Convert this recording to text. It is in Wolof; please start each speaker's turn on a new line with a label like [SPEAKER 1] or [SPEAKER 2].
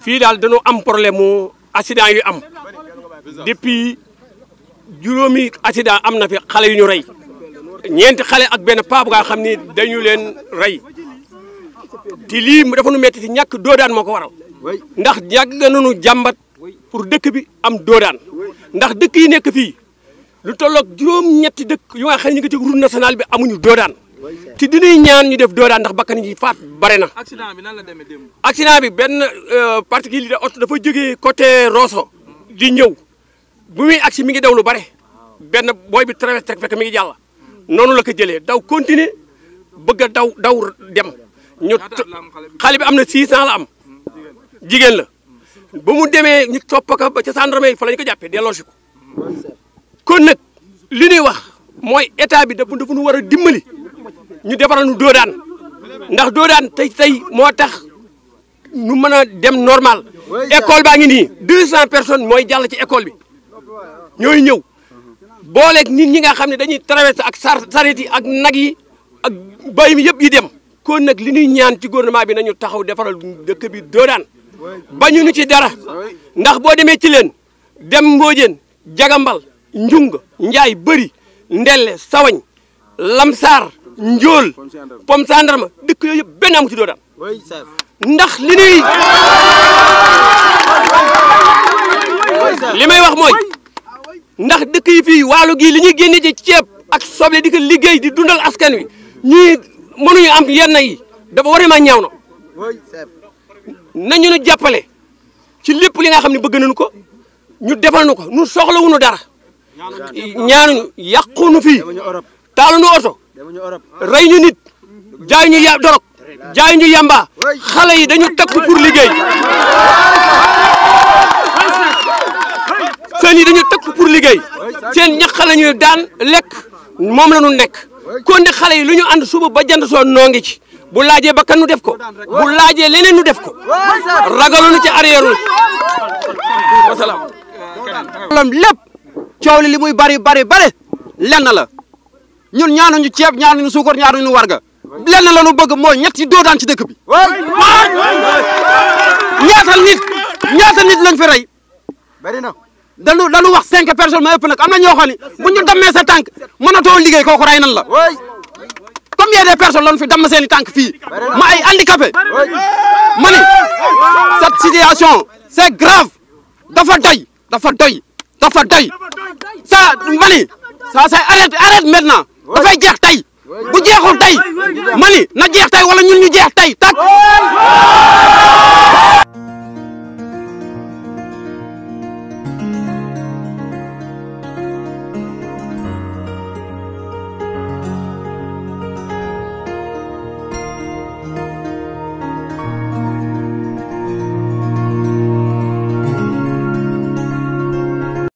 [SPEAKER 1] fi dal dañu am problème accident yu am depuis juromi accident am fi xalé yu ñu rey ñeenti ak ben paa bu nga xamni dañu len ray di li mu dafa nu metti ci ñak dodan moo waral ndax jambat pour dekk bi am dodan ndax dekk yi nekk fi lu tolok juroom ñetti dekk yu nga xamni be amun ngi ci route nationale bi amuñu dodan te dinañ ñaan ñu def doodaan ndax bakkan yi faat bare na. accident bi nan la demé dem accident bi ben euh, particulier auto dafa joggé côté Rosso di ñew bu muy agsi mi ngi daw lu bare ben boy bi traversé fek mi ngi jàll nonu la ko jëlé daw continuer bëgg daw daw dem ñu xale bi am na la am jigen la bu mu démé ñu top ko ba ci gendarmerie fa lañ ñu ko jàppee delloosi ko kon nak li ni wax moy état bi dafa dafa nu war dimbali ñu defaral ñu doodaan ndax doodaan tey tey moo tax ñu mën a dem normal école baa ngi nii deux cent personnes mooy jàll ci école bi ñooy ñëw booleeg nit ñi nga xam ne dañuy traversé ak saret yi ak nag yi ak bay mi yëpp yi dem kon nag li ñuy ñaan ci gouvernement bi nañu taxaw defaral dëkk bi doodaan bañu ñu ci dara ndax boo demee ci leen dem mboojeen jagambal njung njaay bëri ndelle sawañ lamsaar Njol, pom gendarme dëkk yoy ben amu ci dal ndax li ni limay wax moy ndax dëkk yi fi walu gi li genn ci ciep ak soble di liggey di dundal askan wi ñuy ñu am yenn yi dafa wari ma ñaaw nañu ñu jappalé ci lepp li nga xamni bëgg nañu ko ñu defal nu ko nu soxlawuñu dara yaqunu fi fii auto rey ñu nit jaay ñu ya dorog jaay ñu yamba xale yi dañu takku pour liggéey seen yi dañu takku pour liggéey seen ñax xale daan lekk moom la ñu nekk kon ne xale yi lu ñu ànd suba ba jant soo noo ngi ci bu laajee bakkan nu def ko bu laajee leneen nu def ko ragalu nu ci arrière nu wasalaam. lépp coow li li muy bari bari bari lenn la. ñun ñu ceeb ñaanuñu suukar ñaanuñu warga lenn la ñu bëgg mooy ñett yi doodaan ci dëkk bi. ñaata nit ñaata nit lañ fi rey. bari na dañu dañu wax cinq personnes ma ëpp nag am na ñoo xam ne bu ñu dammee sa na mënatoo liggéey kooku rey nan la. combien de personnes lañu fi damm seen i tànk fii ma ay handicapé ma ni cette situation c'est grave dafa doy dafa doy dafa doy sa ma ni ça c'est arrête arrête maintenant. dafay jeex tey bu jeexul tey mani na jeex tey wala ñun ñu jeex tey tak